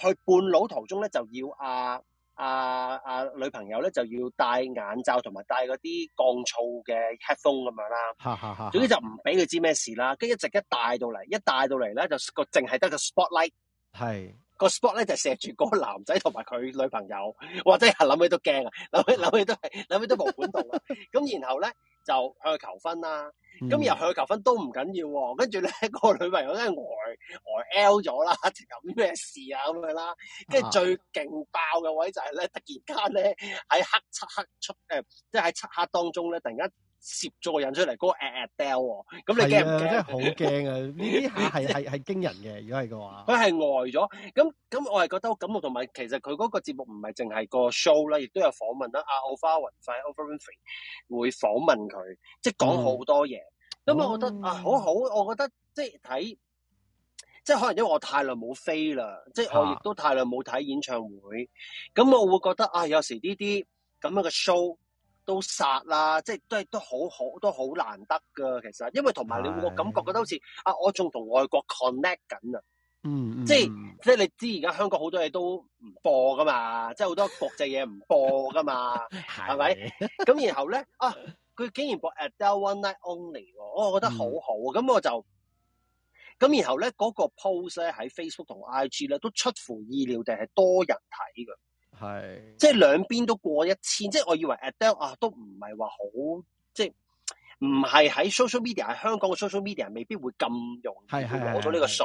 去半路途中咧就要啊啊啊女朋友咧就要戴眼罩同埋戴嗰啲降噪嘅 headphone 咁樣啦。 哈哈總之就唔俾佢知咩事啦。跟住一直一帶到嚟，一帶到嚟咧就個淨係得個 spotlight。係。個 spot 咧就錫、是、住個男仔同埋佢女朋友，或者係諗起都驚啊，諗起諗起都係諗起都無管道 啊。咁然後咧就向佢求婚啦。咁然後向佢求婚都唔緊要喎。跟住咧個女朋友都係呆呆 L 咗、啊啊、啦，定諗咩事啊咁樣啦。跟住最勁爆嘅位置就係咧，突然間咧喺黑漆黑出誒，即係喺漆黑當中咧，突然間。攝咗個人出嚟嗰個 Adele 喎，咁你驚唔驚啊？真係好驚啊！呢啲係係係係驚人嘅，如果係嘅話。佢係呆咗，咁咁我係覺得好感動，同埋其實佢嗰個節目唔係淨係個 show 啦，亦都有訪問啦。阿奧花雲費 Oprah Winfrey 會訪問佢，即係講好多嘢。咁我覺得啊，好好，我覺得即係睇，即係可能因為我太耐冇飛啦，即係我亦都太耐冇睇演唱會，咁我會覺得啊，有時呢啲咁樣嘅 show。都殺啦，即係都係都好好，都好難得噶。其實，因為同埋你我感覺覺得好似的啊，我仲同外國 connect 緊啊。嗯，即係即係你知而家香港好多嘢都唔播噶嘛， 即係好多國際嘢唔播噶嘛，係咪？咁然後咧啊，佢竟然播 Adele One Night Only，我覺得好好。咁、嗯、我就咁然後咧嗰、嗰個 post 咧喺 Facebook 同 IG 咧都出乎意料地係多人睇㗎。係，是即係兩邊都過一千，即係我以為 Adele 啊，都唔係話好，即係唔係喺 social media，香港嘅 social media 未必會咁容易攞到呢個數。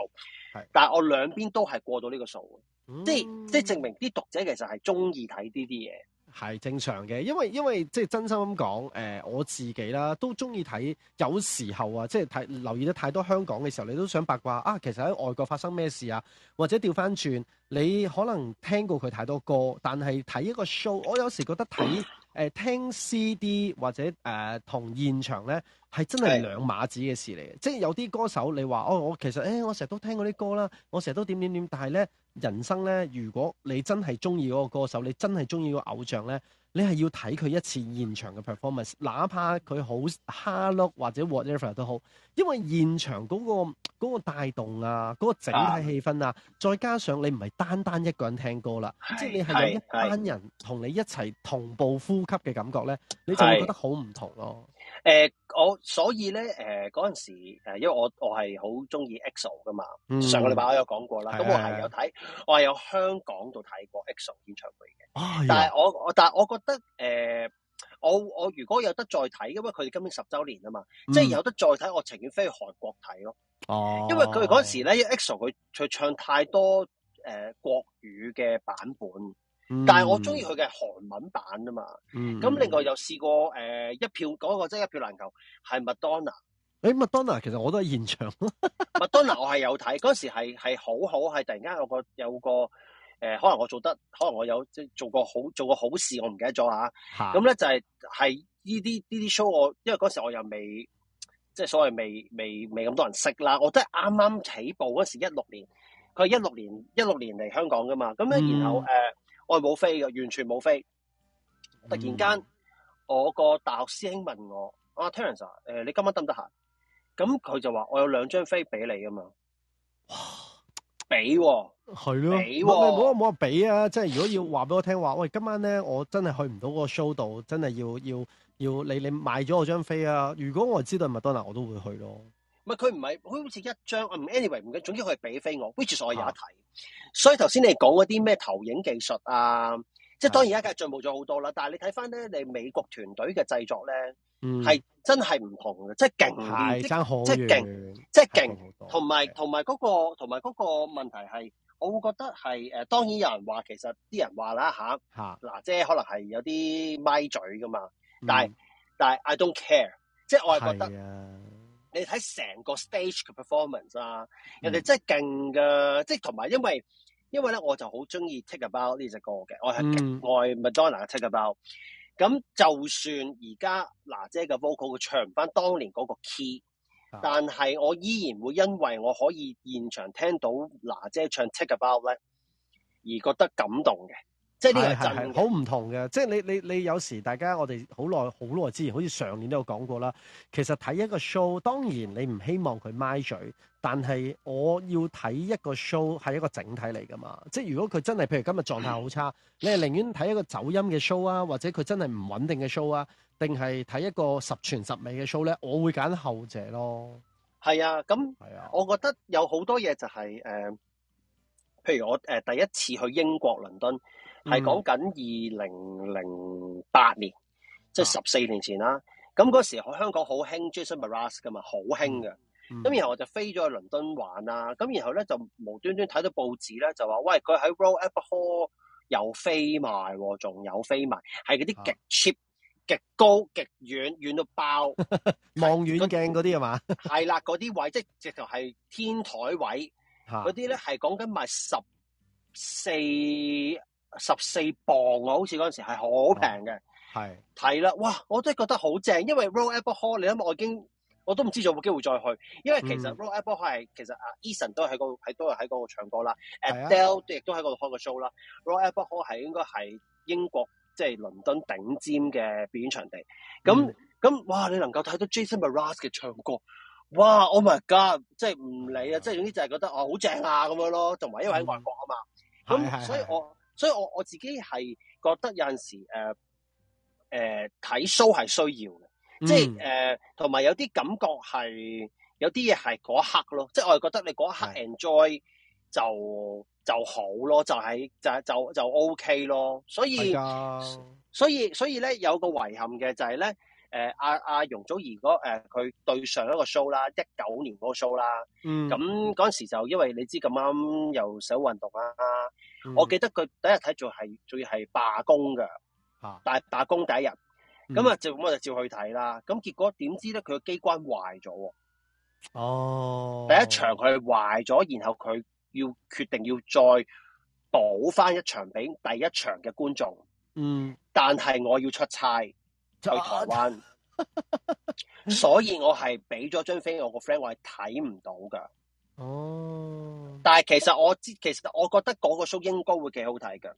係，但係我兩邊都係過到呢個數嘅，即係即係證明啲讀者其實係中意睇呢啲嘢。係正常嘅，因為因為即係真心噉講，誒、呃、我自己啦，都中意睇。有時候啊，即係睇留意得太多香港嘅時候，你都想八卦啊。其實喺外國發生咩事啊？或者調翻轉，你可能聽過佢太多歌，但係睇一個 show，我有時覺得睇。誒聽 CD 或者誒、呃、同現場咧，係真係兩碼子嘅事嚟嘅。的即係有啲歌手你，你話哦，我其實誒、哎、我成日都聽嗰啲歌啦，我成日都點點點，但係咧，人生咧，如果你真係中意嗰個歌手，你真係中意個偶像咧。你係要睇佢一次現場嘅 performance，哪怕佢好 hard lock 或者 whatever 都好，因為現場嗰個嗰個帶動啊，嗰個整體氣氛啊，啊再加上你唔係單單一個人聽歌啦，是即係你係有一班人同你一齊同步呼吸嘅感覺咧，是你就會覺得好唔同咯。誒、呃、我所以咧誒嗰陣時因為我我係好中意 EXO 噶嘛，嗯、上個禮拜我，的我有講過啦，咁我係有睇，我係有香港度睇過 EXO 演唱會嘅、哦，但係我我但係我覺得誒、呃，我我如果有得再睇，因為佢哋今年十周年啊嘛，嗯、即係有得再睇，我情願飛去韓國睇咯、哦因為佢哋，因為佢哋嗰陣時咧因為 EXO 佢佢唱太多誒、呃、國語嘅版本。但係我中意佢嘅韓文版啊嘛，咁、嗯、另外又試過誒、嗯嗯呃、一票嗰、嗰個即係一票難求係麥當娜，誒麥當娜其實我都係現場，麥當娜我係 有睇嗰時係係好好係突然間有個有個誒可能我做得可能我有即係做過好做過好事我唔記得咗吓。咁咧的就係係呢啲呢啲 show 我因為嗰時我又未即係所謂未未未咁多人識啦，我即係啱啱起步嗰時一六年，佢係一六年一六年嚟香港噶嘛，咁咧然後誒。嗯我係冇飛嘅，完全冇飛。突然間，嗯、我個大學師兄問我：啊、ah，Terence 啊、呃，你今晚得唔得閒？咁佢就話：我有兩張飛俾你啊嘛。哇唉！俾喎、啊，係咯的，冇冇冇冇俾啊！即係如果要話俾我聽話，喂， 今晚咧我真係去唔到個個 show 度，真係要要要你你買咗我張飛啊！如果我知道麥當娜，我都會去咯。唔係佢唔係，好似一張、anyway, 啊。anyway 唔緊，總之佢係俾飛我，which 我有一睇。所以頭先你講嗰啲咩投影技術啊，啊即係當然而家係進步咗好多啦。但係你睇翻咧，你美國團隊嘅製作咧，係、嗯、真係唔同嘅，即係勁，係爭好遠、嗯、即係勁好多同埋同埋嗰個，同埋嗰個問題係，我會覺得係誒、啊，當然有人話，其實啲人話啦吓吓，嗱、啊啊啊，即係可能係有啲咪嘴噶嘛，嗯、但係但係 I don't care，即係我係覺得。你睇成個 stage 嘅 performance 啦、啊，人哋真係勁噶，即係同埋因為因為咧，我就好中意 Take a Bow 呢隻歌嘅，我係勁愛 Madonna 嘅 Take a Bow 咁就算而家娜姐嘅 vocal 佢唱唔翻當年嗰個 key，、啊、但係我依然會因為我可以現場聽到娜姐唱 Take a Bow 咧，而覺得感動嘅。係就係，好唔同嘅。即係你你你有時大家我哋好耐好耐之前，好似上年都有講過啦。其實睇一個 show，當然你唔希望佢咪嘴，但係我要睇一個 show 係一個整體嚟㗎嘛。即係如果佢真係譬如今日狀態好差，嗯、你係寧願睇一個走音嘅 show 啊，或者佢真係唔穩定嘅 show 啊，定係睇一個十全十美嘅 show 咧？我會揀後者咯。係啊，咁係啊，我覺得有好多嘢就係、是呃譬如我誒、呃、第一次去英國倫敦，係講緊二零零八年，即係十四年前啦。咁嗰、啊、時喺香港好興 Jason Maras 噶嘛，好興嘅。咁、嗯、然後我就飛咗去倫敦玩啦。咁然後咧就無端端睇到報紙咧就話：喂，佢喺 Royal Albert Hall 又飛有飛賣，仲有飛埋，係嗰啲極 cheap、極高、極遠遠到爆望、啊、是 遠鏡嗰啲係嘛？係 啦，嗰啲位即直頭係天台位。嗰啲咧係講緊賣十四十四磅啊，好似嗰陣時係好平嘅。係睇啦，哇！我都覺得好正，因為 Royal Albert Hall，你諗我已經我都唔知仲有冇機會再去，因為其實 Royal Albert Hall 係其實啊 Eason 都喺嗰喺都係喺嗰度唱歌啦，Adele 亦都喺嗰度開過 show 啦。Royal Albert Hall 係應該係英國即係、就是、倫敦頂尖嘅表演場地。咁咁、嗯、哇！你能夠睇到 Jason Mraz 嘅唱歌。哇！Oh my god！即係唔理啊，即係總之就係覺得哦好正啊咁樣咯，同埋因為喺外國啊嘛，咁所以我所以我我自己係覺得有陣時誒誒睇 show 係需要嘅，嗯、即係誒同埋有啲感覺係有啲嘢係嗰一刻咯，即係我係覺得你嗰一刻 enjoy 就的就好咯，就係、是、就就就 OK 咯，所以的所以所以咧有個遺憾嘅就係咧。誒，阿阿、呃啊啊、容祖兒誒，佢、呃、對上一個 show 啦，一九年嗰個 show 啦，咁嗰陣時就因為你知咁啱又社會運動啦、啊，嗯、我記得佢第一日睇仲係仲要係罷工㗎，大罷工第一日，咁啊就咁我就照去睇啦，咁結果點知咧佢個機關壞咗喎，哦，第一場佢壞咗，然後佢要決定要再補翻一場俾第一場嘅觀眾，嗯，但係我要出差。去台灣， 所以我係俾咗張飛我個 friend，我係睇唔到㗎。哦，但係其實我知，其實我覺得嗰個 show 應該會幾好睇㗎。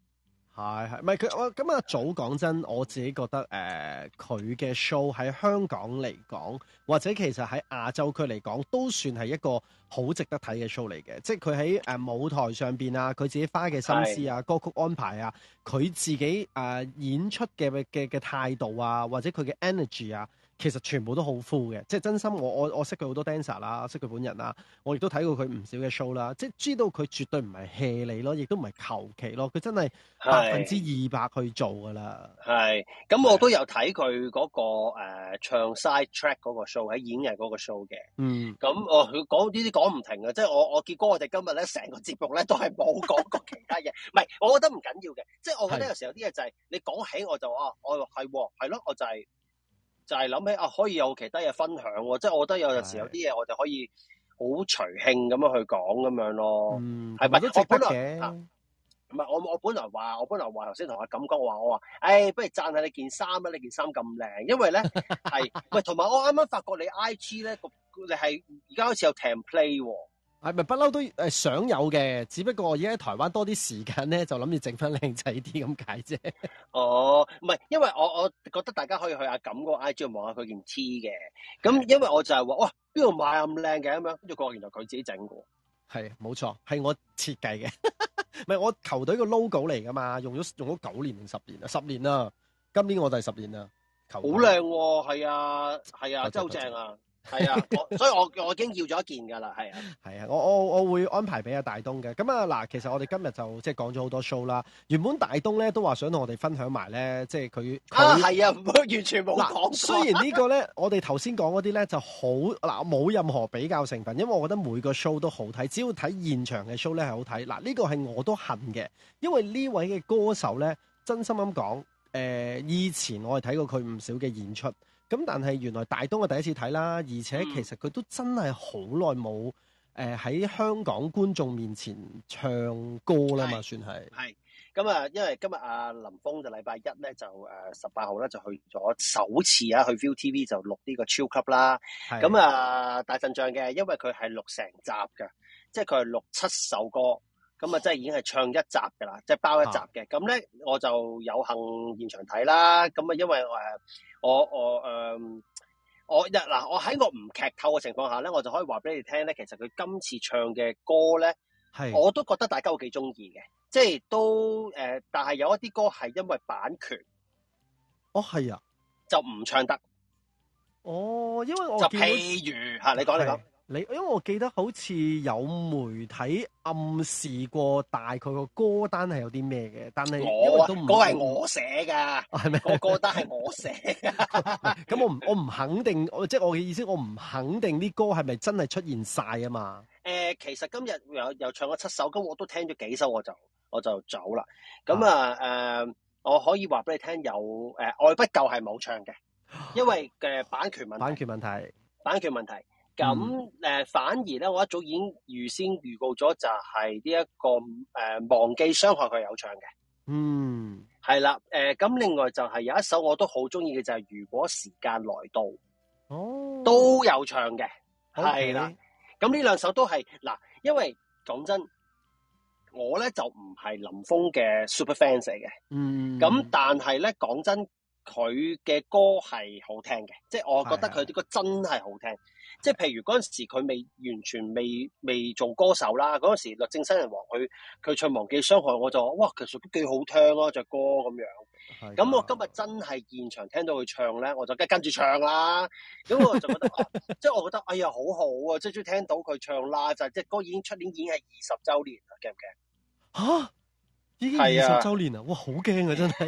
係係，唔係佢我咁啊，早講真，我自己覺得誒佢嘅 show 喺香港嚟講，或者其實喺亞洲區嚟講，都算係一個好值得睇嘅 show 嚟嘅。即係佢喺誒舞台上邊啊，佢自己花嘅心思啊，是歌曲安排啊，佢自己誒、呃、演出嘅嘅嘅態度啊，或者佢嘅 energy 啊。其實全部都好 full 嘅，即係真心我我我識佢好多 dancer 啦，我識佢本人啦，我亦都睇過佢唔少嘅 show 啦，即係知道佢絕對唔係 hea 你咯，亦都唔係求其咯，佢真係百分之二百去做噶啦。係，咁我都有睇佢嗰個、呃、唱 side track 嗰個 show 喺演藝嗰個 show 嘅。嗯，咁我佢講呢啲講唔停嘅，即係我我結果我哋今日咧成個節目咧都係冇講過其他嘢，唔係， 我覺得唔緊要嘅，即係我覺得有時候啲嘢就係、是、你講起我就我啊，啊，啊，我係係咯，我就係。就係諗起啊，可以有其他嘢分享喎、哦，即係我覺得有陣時有啲嘢我就可以好隨興咁樣去講咁樣咯，係咪都值得嘅？唔係我我本來話我本來話頭先同阿感講，我話我話，誒、哎、不如讚下你件衫啦，你件衫咁靚，因為咧係，喂， 同埋我啱啱發覺你 I G 咧，你係而家好似有 template 喎、哦。係咪不嬲都誒想有嘅？只不過而家喺台灣多啲時間咧，就諗住整翻靚仔啲咁解啫。哦，唔係，因為我我覺得大家可以去阿感個 IG 望下佢件 T 嘅。咁的因為我就係話，哇、哦，邊度買咁靚嘅咁樣？跟住佢話原來佢自己整嘅。係，冇錯，係我設計嘅。唔係 我球隊個 logo 嚟噶嘛，用咗用咗九年定十年啦，十年啦，今年我第十年啦。球好靚喎，係、哦、啊，係啊，哦、真係好正啊！哦哦係 啊，所以我我已經要咗一件噶啦，係啊，係啊，我我我會安排俾阿大東嘅。咁啊嗱，其實我哋今日就即係講咗好多 show 啦。原本大東咧都話想同我哋分享埋咧，即係佢係啊，他啊，完全冇講、啊。雖然個呢個咧，我哋頭先講嗰啲咧就好嗱，冇、啊、任何比較成分，因為我覺得每個 show 都好睇，只要睇現場嘅 show 咧係好睇。嗱、啊，呢、這個係我都恨嘅，因為呢位嘅歌手咧，真心咁講，誒、呃，以前我係睇過佢唔少嘅演出。咁但係原來大東我第一次睇啦，而且其實佢都真係好耐冇誒喺香港觀眾面前唱歌啦嘛，算係。係咁啊，因為今日阿林峯就禮拜一咧就誒十八號咧就去咗首次啊去 ViuTV 就錄呢個 ChillClub 啦，咁啊，是大陣仗嘅，因為佢係錄成集嘅，即係佢係錄七首歌。咁啊，即係已經係唱一集嘅啦，即係包一集嘅。咁咧、啊，我就有幸現場睇啦。咁啊，因為誒，我我誒，我一嗱，我喺我唔劇透嘅情況下咧，我就可以話俾你哋聽咧，其實佢今次唱嘅歌咧，是我都覺得大家都幾中意嘅。即係都、呃、但係有一啲歌係因為版權，哦係啊，就唔唱得。哦，因為我就譬如吓你講你講。你，因為我記得好似有媒體暗示過大概個歌單係有啲咩嘅，但係我啊，嗰個係我寫噶，我歌單係我寫。咁我唔，我唔肯定，即係我嘅意思，我唔肯定啲歌係咪真係出現晒啊嘛。誒，其實今日又又唱咗七首，咁我都聽咗幾首，我就我就走啦。咁啊誒，我可以話俾你聽，有誒愛不夠係冇唱嘅，因為誒版權問版權問題，版權問題。啊咁誒，反而咧，我一早已經預先預告咗，就係呢一個誒，忘記傷害佢有唱嘅，嗯，係啦，誒，咁另外就係有一首我都好中意嘅，就係如果時間來到，哦，都有唱嘅，係啦 Okay.，咁呢兩首都係嗱，因為講真，我咧就唔係林峯嘅 super fans 嚟嘅。嗯，咁但係咧講真，佢嘅歌係好聽嘅，即係我覺得佢啲歌真係好聽。即係譬如嗰陣時佢未完全未未做歌手啦，嗰陣時律政新人王佢佢唱忘記傷害，我就話，哇其實都幾好聽啊，隻歌咁樣。咁的我今日真係現場聽到佢唱咧，我就跟跟住唱啦。咁我就覺得，即係、 啊就是、我覺得哎呀好好啊，最、就、最、是、聽到佢唱啦就係、是、隻歌已經出年已經係二十周年怕怕啊，驚唔驚？吓的？已經二十周年啊！哇，好驚啊！真係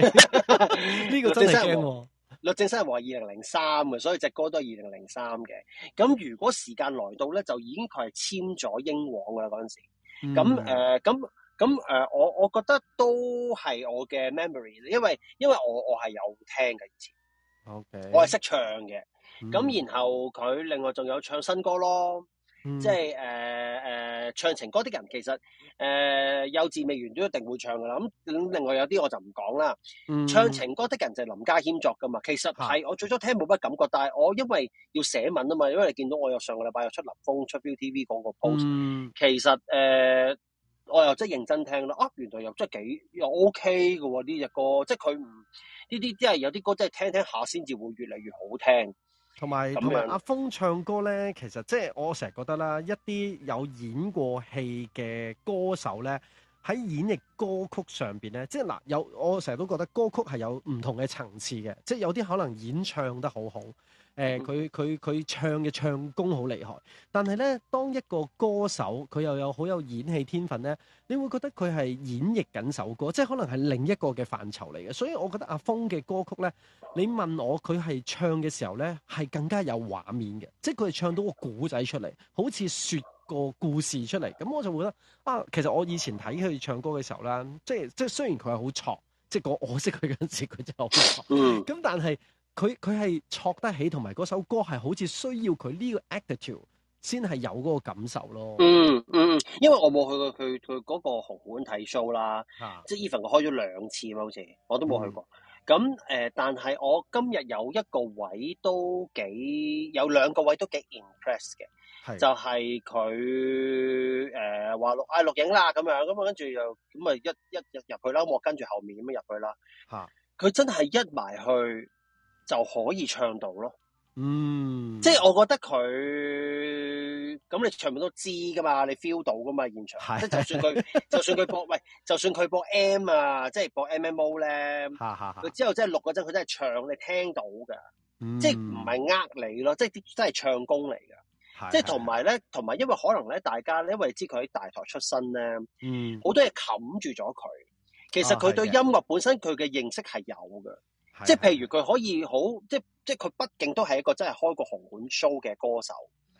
呢 個真係驚喎。律政新係話二零零三嘅，所以隻歌都係二零零三嘅。咁如果時間來到咧，就已經佢係簽咗英皇㗎喇嗰陣時。咁誒、嗯，咁咁誒，我我覺得都係我嘅 memory，因為因為我我係有聽嘅，以前 Okay 我係識唱嘅。咁然後佢另外仲有唱新歌咯。即係誒誒唱情歌啲人其實誒、呃、幼稚未完都一定會唱噶啦咁，另外有啲我就唔講啦。嗯、唱情歌啲人就林家謙作噶嘛，其實係、嗯、我最初聽冇乜感覺，但係我因為要寫文啊嘛，因為你見到我又上個禮拜又出林峯出 ViuTV 個 post，嗯、其實誒、呃、我又真係認真聽啦，啊原來又真係幾又 OK 噶呢隻歌，即係佢唔呢啲即係有啲歌真係聽聽下先至會越嚟越好聽。同埋同埋阿峯唱歌咧，其實即係我成日覺得啦，一啲有演過戲嘅歌手咧，喺演繹歌曲上邊咧，即係嗱，有我成日都覺得歌曲係有唔同嘅層次嘅，即係有啲可能演唱得好好。誒佢佢佢唱嘅唱功好厲害，但係咧，當一個歌手佢又有好有演戲天分咧，你會覺得佢係演繹緊首歌，即係可能係另一個嘅範疇嚟嘅。所以我覺得阿峰嘅歌曲咧，你問我佢係唱嘅時候咧，係更加有畫面嘅，即係佢係唱到個古仔出嚟，好似說個故事出嚟。咁我就會覺得啊，其實我以前睇佢唱歌嘅時候啦，即係即係雖然佢係好挫，即係我我識佢嗰陣時佢就好挫，咁、嗯、但係。佢佢係戳得起，同埋嗰首歌係好似需要佢呢個 attitude 先係有嗰個感受咯。嗯嗯，因為我冇去過佢佢嗰個紅館睇 show 啦，啊、即係 even 開開咗兩次嘛，好似我都冇去過。咁誒、嗯呃，但係我今日有一個位都幾有兩個位都幾 impress 嘅，是就係佢誒話錄錄影啦咁樣，咁啊跟住又咁啊一一日入去啦，我跟住後面咁樣入去啦。吓、啊，佢真係一埋去。就可以唱到咯，嗯，即係我覺得佢咁，你全部都知噶嘛，你 feel 到噶嘛現場，的即係就算佢 就算佢播喂，就算佢播 M 啊，即係播 M M O 咧，佢的之後即係錄嗰陣，佢真係唱你聽到噶，的即係唔係呃你咯，嗯、即係啲真係唱功嚟噶，的即係同埋咧，同埋因為可能咧，大家咧因為知佢喺大台出身咧，嗯、好多嘢冚住咗佢，其實佢對音樂本身佢嘅認識係有嘅。即係譬如佢可以好，即係即係佢畢竟都係一個真係開過紅館 show 嘅歌手，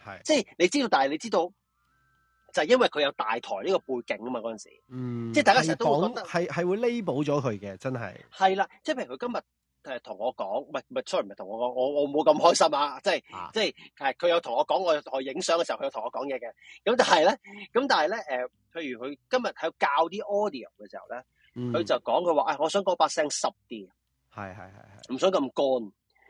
係是即係你知道，但係你知道就係、是、因為佢有大台呢個背景啊嘛嗰陣時，嗯，即係大家成日都覺得係係會 label 咗佢嘅，真係係啦，即係譬如佢今日誒同我講，唔係唔係 sorry，唔係同我講，我我冇咁開心啊，即係、啊、即係係佢有同我講我我影相嘅時候，佢有同我講嘢嘅，咁但係咧，咁但係咧，誒，譬如佢今日喺度教啲 audio 嘅時候咧，佢、嗯、就講佢話啊，我想講把聲濕啲。係係係唔想咁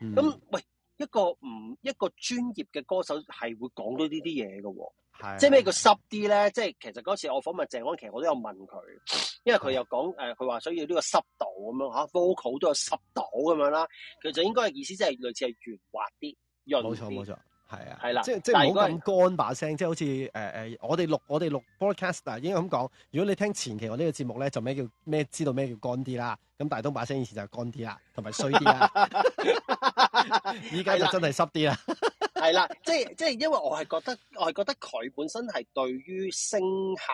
乾。咁、嗯、喂，一個唔、嗯、一個專業嘅歌手係會講到是呢啲嘢嘅喎。即係咩叫濕啲咧？即係其實嗰次我訪問鄭安琪，我都有問佢，因為佢又講誒，佢話想要呢個濕度咁樣嚇、嗯、，vocal 都有濕度咁樣啦。其實就應該係意思即係類似係圓滑啲、錯潤啲。冇錯，冇錯。係啊，是啊，即即係唔好咁乾把聲，概即係好似誒誒，我哋錄我哋錄 broadcast 嗱，應該咁講。如果你聽前期我呢個節目咧，就咩叫咩知道咩叫乾啲啦。咁大東把聲以前就乾啲啦，同埋衰啲啦。依家 就真係濕啲啦。係啦、啊，即即係因為我係覺得，我係覺得佢本身係對於聲效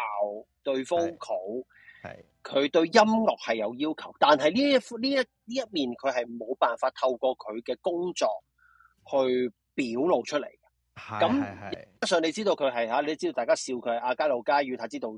對 vocal，佢、啊啊、對音樂係有要求，但係呢一呢一呢一面佢係冇辦法透過佢嘅工作去。表露出嚟，嘅，咁加上你知道佢係吓，係係係，你知道大家笑佢亞皆老街與太子道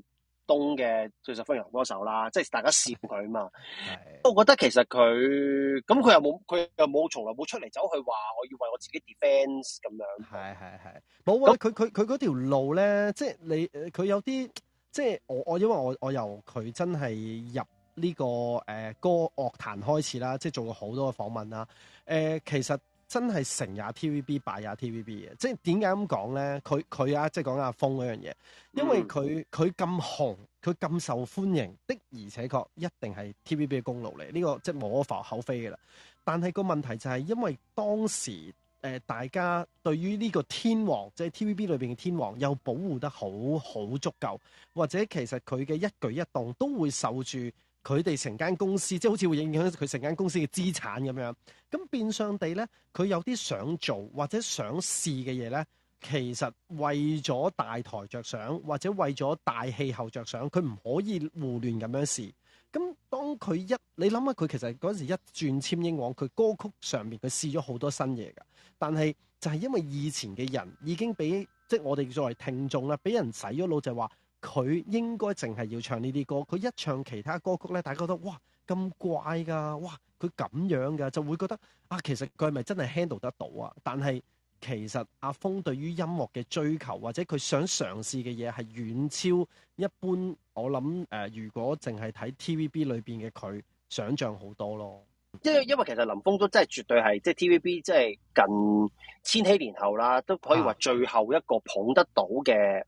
東嘅最受歡迎歌手啦，即係大家笑佢啊嘛。係係我覺得其實佢咁佢又冇佢又冇從來冇出嚟走去話我要為我自己 defence 咁樣。係係係，冇啊那！佢佢佢嗰條路咧，即係你佢有啲即係我我因為我我由佢真係入呢、這個誒、呃、歌樂壇開始啦，即係做過好多嘅訪問啦。誒、呃、其實。真係成也 TVB，敗也 TVB 嘅，即係點解咁講咧？佢佢啊，即係講阿峰嗰樣嘢，因為佢佢咁紅，佢咁受歡迎的而且確一定係 TVB 嘅功勞嚟，呢個即係無可否口非嘅啦。但係個問題就係，因為當時、呃、大家對於呢個天王，即係 TVB 裏面嘅天王，又保護得好好足夠，或者其實佢嘅一舉一動都會受住。佢哋成間公司，即係好似會影響佢成間公司嘅資產咁樣。咁變相地呢，佢有啲想做或者想試嘅嘢呢，其實為咗大台着想，或者為咗大氣候着想，佢唔可以胡亂咁樣試。咁當佢一，你諗下佢其實嗰時一轉簽英皇佢歌曲上面佢試咗好多新嘢㗎。但係就係因為以前嘅人已經俾，即係我哋作為聽眾啦，俾人洗咗腦就係話。佢應該淨係要唱呢啲歌，佢一唱其他歌曲咧，大家覺得哇咁怪㗎，哇佢咁樣㗎，就會覺得啊，其實佢係咪真係 handle 得到啊？但係其實阿峰對於音樂嘅追求，或者佢想嘗試嘅嘢係遠超一般。我諗、呃、如果淨係睇 TVB 裏面嘅佢，想象好多咯。因為因為其實林峯都真係絕對係即係 TVB 即係近千禧年後啦，都可以話最後一個捧得到嘅、啊。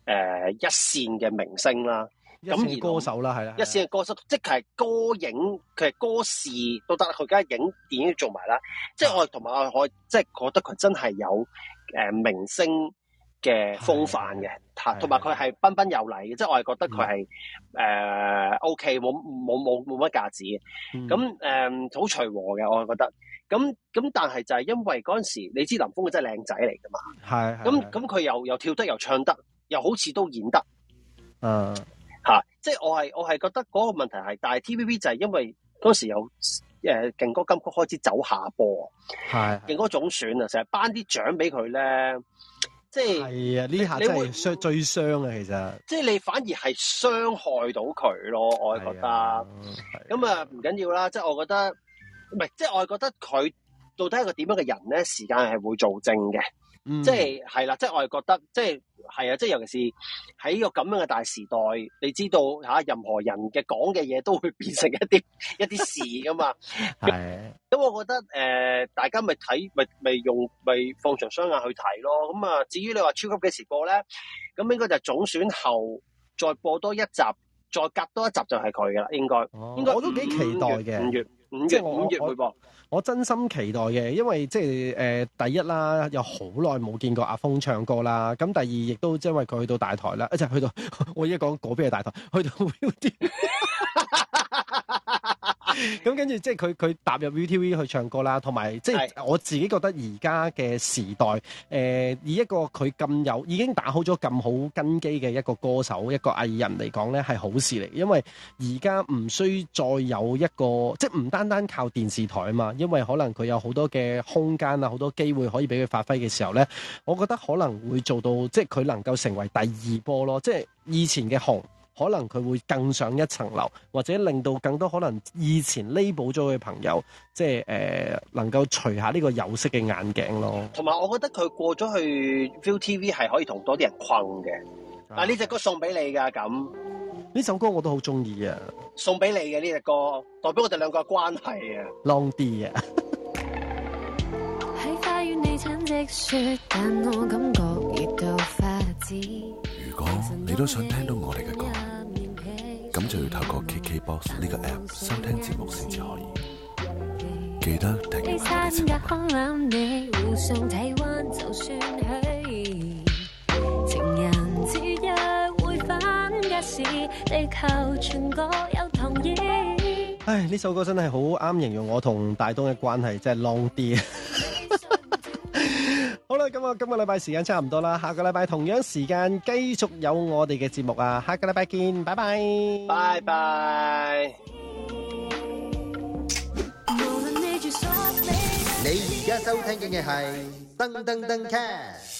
誒、呃，一線嘅明星啦，一線歌手啦，係啦，一線嘅歌手，是是即係歌影，佢係歌視都得，佢而家影電影做埋啦，嗯、即係我同埋我，即係覺得佢真係有誒、呃、明星嘅風範嘅，同埋佢係彬彬有禮嘅，即係的我係覺得佢係誒 O K，冇冇冇冇乜架子。嘅、嗯，咁誒好隨和嘅，我係覺得，咁咁但係就係因為嗰陣時，你知林峰佢真係靚仔嚟噶嘛，係的，咁咁佢又又跳得又唱得。又好似都演得，嗯、啊，吓、啊，即係我係我係覺得嗰個問題係，但係 TVB 就係因為嗰時有誒勁、啊、歌金曲開始走下坡，係勁的歌總選啊，成日頒啲獎俾佢咧，即係係啊，呢下會真係傷最傷啊，其實，即係你反而係傷害到佢咯，我係覺得，咁啊唔緊要啦，即係我覺得，唔係，即係我係覺得佢到底係個點樣嘅人咧，時間係會做證嘅。嗯、即係係啦，即係我係覺得，即係係啊，即係尤其是喺個咁樣嘅大時代，你知道吓、啊，任何人嘅講嘅嘢都會變成一啲 一啲事噶嘛。係。咁我覺得誒、呃，大家咪睇，咪咪用，咪放長雙眼去睇咯。咁啊，至於你話 Chill Club 幾時播咧，咁應該就係總選後再播多一集，再隔多一集就係佢噶啦，應該。哦，應該 我都幾期待嘅。五月五月即月我我我，我真心期待嘅，因為即係、呃、第一啦，有好耐冇見過阿峰唱歌啦。咁第二亦都即係因為佢去到大台啦，即係去到我而家講嗰邊嘅大台，去到 Bill 咁 跟住，即係佢佢踏入 ViuTV 去唱歌啦，同埋即係我自己覺得而家嘅時代，誒、呃，以一個佢咁有已經打好咗咁好根基嘅一個歌手，一個藝人嚟講呢係好事嚟。因為而家唔需再有一個，即係唔單單靠電視台啊嘛。因為可能佢有好多嘅空間啊，好多機會可以俾佢發揮嘅時候呢，我覺得可能會做到，即係佢能夠成為第二波咯。即係以前嘅紅。可能佢會更上一層樓，或者令到更多可能以前彌補咗嘅朋友，即係誒，能夠除下呢個有色嘅眼鏡咯。同埋，我覺得佢過咗去 ViuTV 係可以同多啲人困嘅。嗱，呢隻歌送俾你噶，咁呢首歌我都好中意啊。送俾你嘅呢隻歌，代表我哋兩個關係啊。Long D 啊。咁就要透過 KKBOX 呢個 App 收聽節目先至可以。記得訂閱有同意唉，呢首歌真係好啱形容我同大東嘅關係，真係浪啲啊！ 好啦，咁我今個禮拜時間差唔多啦，下個禮拜同樣時間繼續有我哋嘅節目啊，下個禮拜見，拜拜，拜拜 bye。 你而家收聽嘅係噔噔噔卡。